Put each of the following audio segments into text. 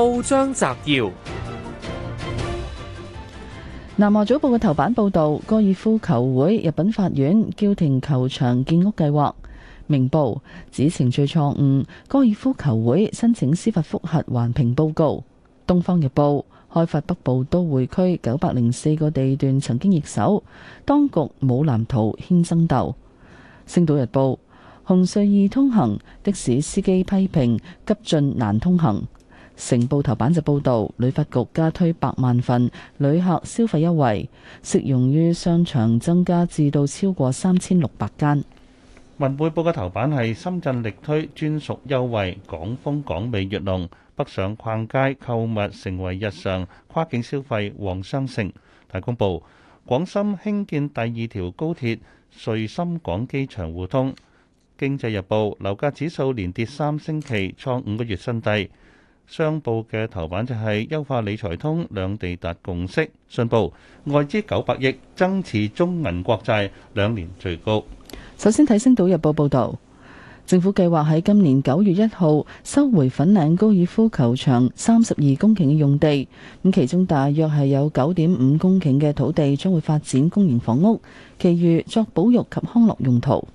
報章摘要：南華早報嘅頭版報道，高爾夫球會入稟法院，叫停球場建屋計劃。明報指程序錯誤，高爾夫球會申請司法複核，環評報告。東方日報，開發北部都會區九百零四個地段，曾經易手，當局冇藍圖，牽爭鬥。星島日報紅隧易通行，的士司機批評急進難通行。成報頭版就報導，旅發局加推百萬份旅客消費優惠，適用於商場增加至到超過三千六百間。文匯報嘅頭版係深圳力推專屬優惠，港風港味越濃，北上逛街購物成為日常跨境消費旺商城。大公報，廣深興建第二條高鐵穗深港機場互通，經濟日報，樓價指數連跌三星期，創五個月新低。商報嘅頭版就係優化理財通，兩地達共識。信報外資九百億增持中銀國債，兩年最高。首先睇《星島日報》報道，政府計劃喺今年九月一號收回粉嶺高爾夫球場三十二公頃嘅用地，咁其中大約係有九點五公頃嘅土地將會發展公營房屋，其餘作保育及康樂用途。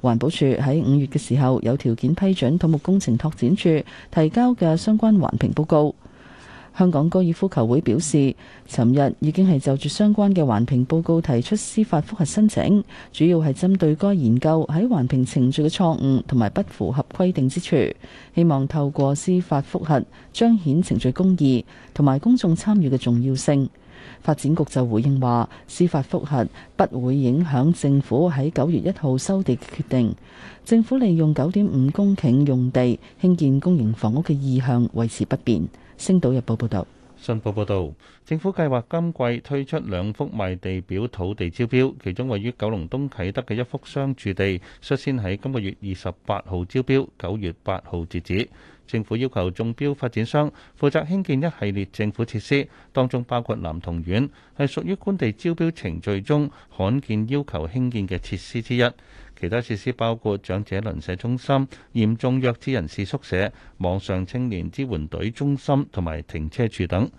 環保署喺五月嘅時候有條件批准土木工程拓展處提交嘅相關環評報告。香港高爾夫球會表示，尋日已經係就住相關嘅環評報告提出司法覆核申請，主要係針對該研究喺環評程序嘅錯誤同埋不符合規定之處，希望透過司法覆核彰顯程序公義同埋公眾參與嘅重要性。發展局就回應話，司法覆核不會影響政府喺九月一號收地嘅決定。政府利用九點五公頃用地興建公營房屋嘅意向維持不變。星島日報報道。信報報導，政府計劃今季推出兩幅賣地表土地招標，其中位於九龍東啟德嘅一幅商住地，率先喺今個月二十八號招標，九月八號截止。政府要求中標發展商負責興建一系列政府設施，當中包括男童院，係屬於官地招標程序中罕見要求興建嘅設施之一。其他設施包括長者鄰舍中心、嚴重弱智人士宿舍、網上青年支援隊中心同埋停車處等。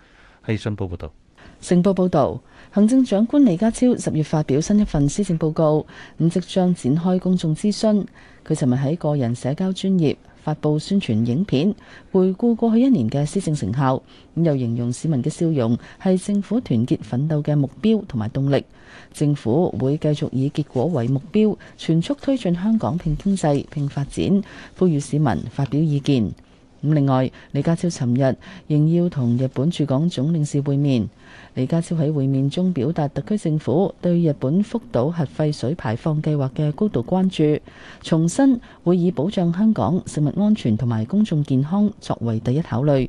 係信報報道。成報報導，行政長官李家超十月發表新一份施政報告，咁即將展開公眾諮詢。佢尋日喺個人社交專業。發布宣傳影片，回顧過去一年嘅施政成效，咁又形容市民嘅笑容係政府團結奮鬥嘅目標，同埋動力。政府會繼續以結果為目標，全速推進香港拼經濟、拼發展，呼籲市民發表意見。咁另外，李家超尋日仍要同日本駐港總領事會面。李家超喺會面中表達特區政府對日本福島核廢水排放計劃嘅高度關注，重申會以保障香港食物安全同埋公眾健康作為第一考慮。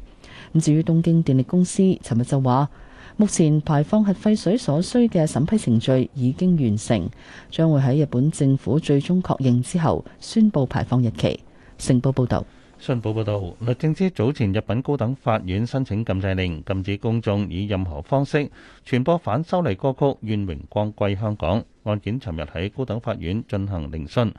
咁至於東京電力公司，尋日就話，目前排放核廢水所需嘅審批程序已經完成，將會喺日本政府最終確認之後宣布排放日期。成報報道。信報報道，律政司早前入禀高等法院申請禁制令，禁止公眾以任何方式傳播反修例歌曲《願榮光歸香港》。案件尋日喺高等法院進行聆訊，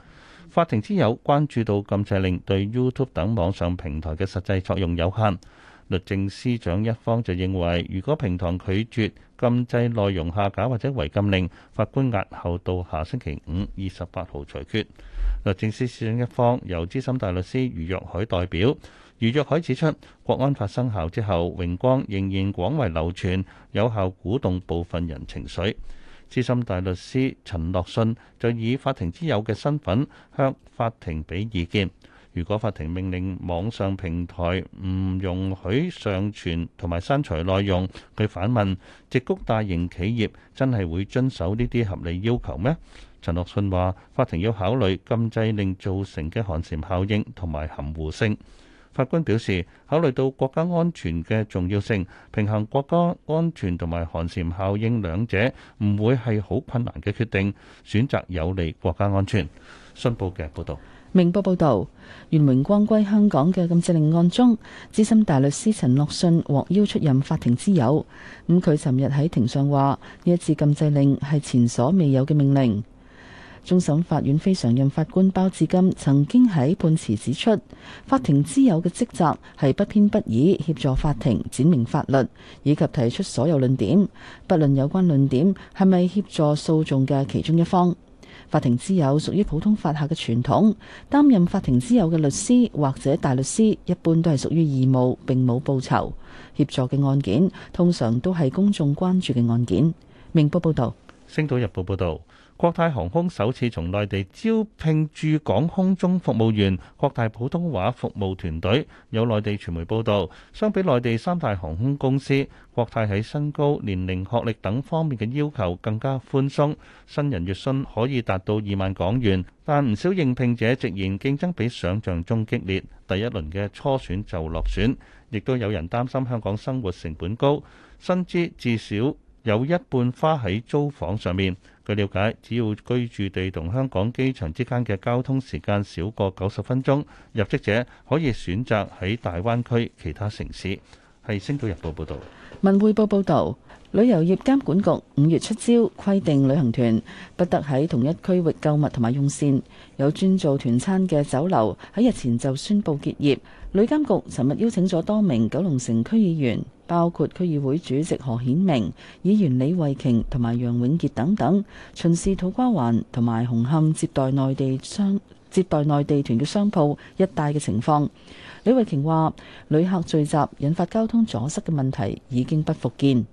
法庭之友關注到禁制令對 YouTube 等網上平台嘅實際作用有限。律政司長一方就認為，如果平堂拒絕禁制內容下架或者違禁令，法官押後到下星期五二十八號裁決。律政司司長一方由資深大律師余若海代表。余若海指出，國安法生效之後，榮光仍然廣為流傳，有效鼓動部分人情緒。資深大律師陳樂信就以法庭之友嘅身份向法庭俾意見。如果法庭命令網上平台唔容許上傳同埋刪除內容，佢反問，直谷大型企業真係會遵守呢啲合理要求咩？陳樂迅話法庭要考慮禁制令造成嘅寒蟬效應同埋含糊性。法官表示，考慮到國家安全嘅重要性，平衡國家安全同埋寒蟬效應兩者，唔會係好困難嘅決定，選擇有利國家安全。信報嘅報道。明報報道，願榮光歸香港嘅禁制令案中，資深大律師陳樂信獲邀出任法庭之友。咁佢尋日喺庭上話，呢一次禁制令係前所未有嘅命令。終審法院非常任法官包致金曾經喺判詞指出，法庭之友嘅職責係不偏不倚協助法庭展明法律以及提出所有論點，不論有關論點係咪協助訴訟嘅其中一方。法庭之友屬於普通法下嘅傳統，擔任法庭之友嘅律師或者大律師，一般都係屬於義務並冇報酬。協助嘅案件通常都係公眾關注嘅案件。明報報道。《星島日報》報道。國泰航空首次從內地招聘駐港空中服務員，國泰普通話服務團隊，有內地傳媒報導，相比內地三大航空公司，國泰喺身高、年齡、學歷等方面嘅要求更加寬鬆，新人月薪可以達到二萬港元，但唔少應聘者直言競爭比想像中激烈，第一輪嘅初選就落選，亦都有人擔心香港生活成本高，薪資至，至少。有一半花喺租房上面。據了解，只要居住地同香港機場之間嘅交通時間少過九十分鐘，入職者可以選擇喺大灣區其他城市。係《星島日報》報道。《文匯報》報道。旅遊業監，監管局五月出招，規定旅行團不得喺同一區域購物同埋用膳。有專做團餐嘅酒樓喺日前就宣布結業。旅監局尋日邀請咗多名九龍城區議員，包括區議會主席何顯明、議員李慧瓊同埋楊永傑等等，巡視土瓜灣同埋紅磡接待內地商接待內地團嘅商鋪一帶嘅情況。李慧瓊話：旅客聚集引發交通阻塞嘅問題已經不復見。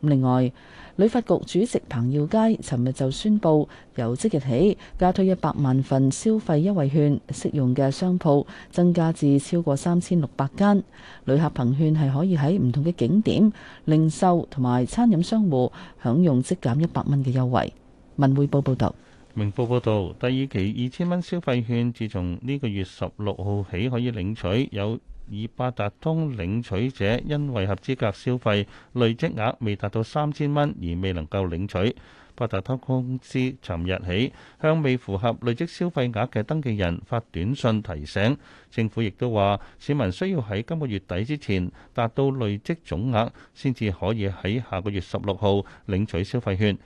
另外，旅發局主席彭耀佳尋日就宣布，由即日起加推一百萬份消費優惠券，適用嘅商鋪增加至超過三千六百間。旅客憑券係可以喺唔同嘅景點、零售同埋餐飲商戶享用即減一百蚊嘅優惠。文匯報報道，明報報道，第二期二千蚊消費券自從呢個月十六號起可以領取，有，以八達通領取者，因為合資格消費累積額未達到三千蚊而未能夠領取。八達通公司尋日起，向未符合累積消費額嘅登記人發短信提醒。政府亦都話，市民需要喺今個月底之前達到累積總額，先至可以喺下個月十六號領取消費券。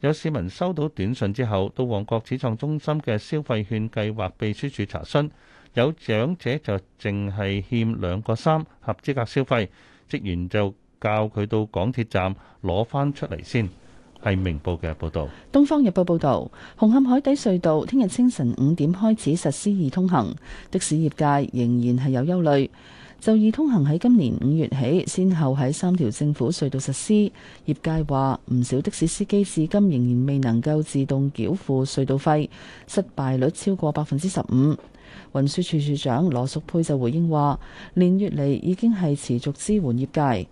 有市民收到短信之後，到旺角始創中心嘅消費券計劃秘書處查詢。有長者就淨係欠兩個三合資格消費，職員就教佢到港鐵站攞翻出嚟先，係明報嘅報導。《東方日報》報導，紅磡海底隧道聽日清晨五點開始實施易通行，的士業界仍然係有憂慮。就易通行喺今年五月起，先後喺三條政府隧道實施，業界話唔少的士司機至今仍然未能夠自動繳付隧道費，失敗率超過百分之十五，運輸處處長羅淑佩就回應話，年月嚟已經係持續支援業界。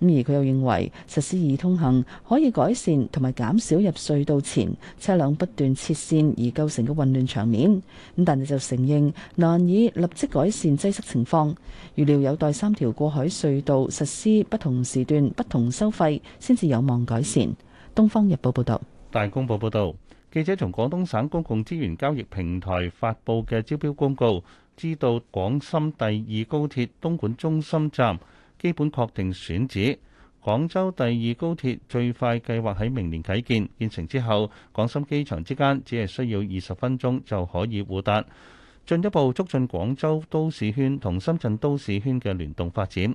咁而佢又認為實施易通行可以改善同埋減少入隧道前車輛不斷切線而構成嘅混亂場面。咁但係就承認難以立即改善擠塞情況，預料有待三條過海隧道實施不同時段不同收費，先至有望改善。東方日報報道，大公報報道。記者從廣東省公共資源交易平台發佈嘅招標公告，知道廣深第二高鐵東莞中心站基本確定選址。廣州第二高鐵最快計劃喺明年啟建，建成之後廣深機場之間只係需要二十分鐘就可以互達，進一步促進廣州都市圈同深圳都市圈嘅聯動發展。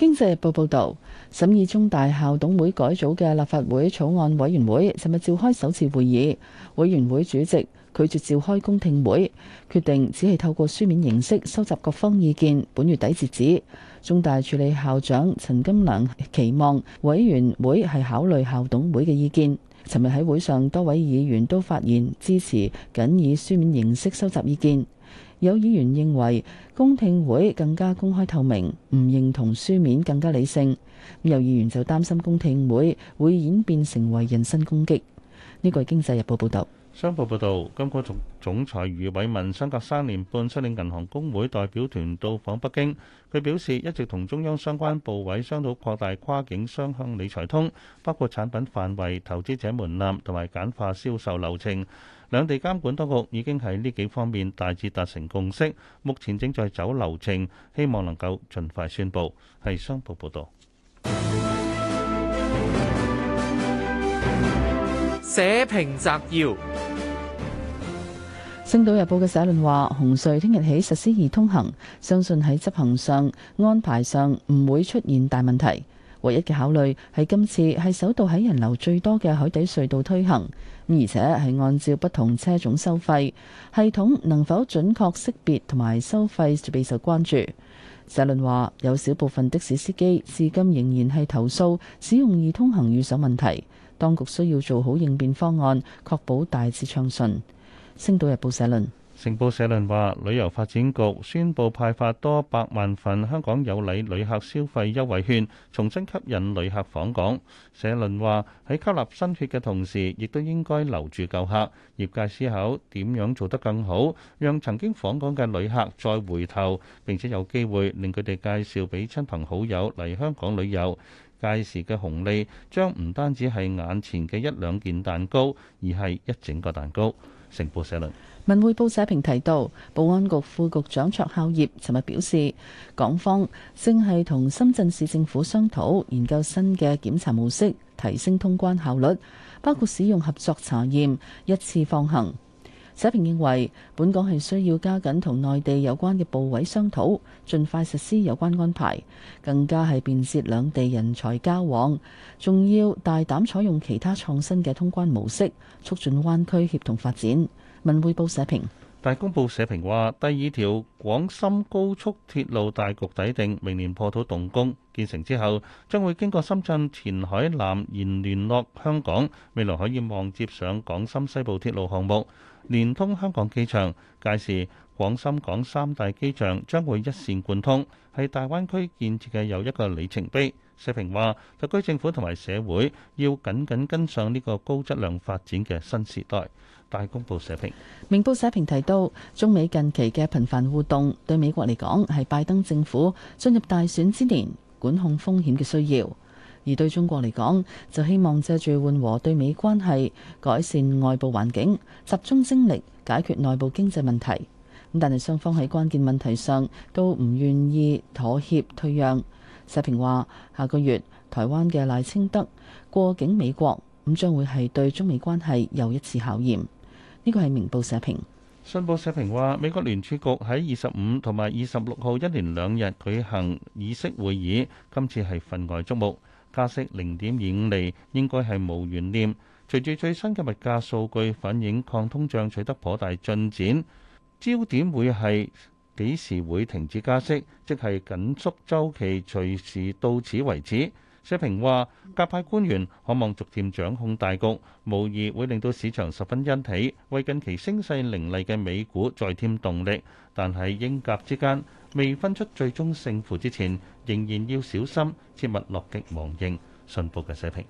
經濟日報報道，審議中大校董會改組嘅立法會草案委員會，尋日召開首次會議。委員會主席拒絕召開公聽會，決定只係透過書面形式收集各方意見，本月底截止。中大助理校長陳金良期望委員會係考慮校董會嘅意見。尋日喺會上，多位議員都發言支持，僅以書面形式收集意見。有議員認為公聽會更加公開透明，唔認同書面更加理性。咁有議員就擔心公聽會會演變成為人身攻擊。呢個係《經濟日報》報導。商報報導，金管局總裁余偉文相隔三,三年半率領銀行公會代表團到訪北京。佢表示，一直同中央相關部委商討擴大跨境雙向理財通，包括產品範圍、投資者門檻同埋簡化銷售流程。兩地監管當局已經喺呢幾方面大致達成共識，目前正在走流程，希望能夠盡快宣佈。係商報報道。社評摘要，《星島日報》嘅社論話：紅隧聽日起實施易通行，相信喺執行上安排上唔會出現大問題。唯一嘅考慮係今次係首度喺人流最多嘅海底隧道推行，而且係按照不同車種收費，系統能否準確識別同埋收費就備受關注。社論話，有少部分的士司機至今仍然係投訴使用易通行遇上問題，當局需要做好應變方案，確保大致暢順。星島日報社論。成報社論話，旅遊發展局宣布派發多百萬份香港有禮旅客消費優惠券，重新吸引旅客訪港。社論話，喺吸納新血嘅同時，亦都應該留住舊客。業界思考點樣做得更好，讓曾經訪港嘅旅客再回頭，並且有機會令佢哋介紹俾親朋好友嚟香港旅遊。屆時嘅紅利將唔單止係眼前嘅一兩件蛋糕，而係一整個蛋糕。成報社論、文匯報社評提到，保安局副局長卓孝業尋日表示，港方正係同深圳市政府商討研究新嘅檢查模式，提升通關效率，包括使用合作查驗、一次放行。社評認為，本港係需要加緊同內地有關嘅部委商討，盡快實施有關安排，更加係便捷兩地人才交往，仲要大膽採用其他創新嘅通關模式，促進灣區協同發展。文匯報社評。大公報社評話，第二條廣深高速鐵路大局底定，明年破土動工，建成之後將會經過深圳前海南延聯絡香港，未來可以望接上廣深西部鐵路項目，連通香港機場。屆時，廣深港三大機場將會一線貫通，係大灣區建設嘅又一個里程碑。社評話，特區政府同埋社會要緊緊跟上呢個高質量發展嘅新時代。大公報社評，明報社評提到，中美近期嘅頻繁互動，對美國嚟講係拜登政府進入大選之年管控風險嘅需要；而對中國嚟講，就希望借住緩和對美關係，改善外部環境，集中精力解決內部經濟問題。咁但係雙方喺關鍵問題上都唔願意妥協退讓。社評話：下個月台灣嘅賴清德過境美國，咁將會係對中美關係又一次考驗。呢個係明報社評。信報社評話：美國聯儲局喺二十五同埋二十六號一連兩日舉行議息會議，今次係份外矚目，加息零點二五厘應該係無懸念。隨住最新嘅物價數據反映抗通脹取得頗大進展，焦點會係幾時會停止加息，即係緊縮週期隨時到此為止。社評話，鴿派官員可望逐漸掌控大局，無疑會令到市場十分欣喜，為近期聲勢凌厲嘅美股再添動力。但喺鷹鴿之間未分出最終勝負之前，仍然要小心切勿樂極忘形。信報嘅社評。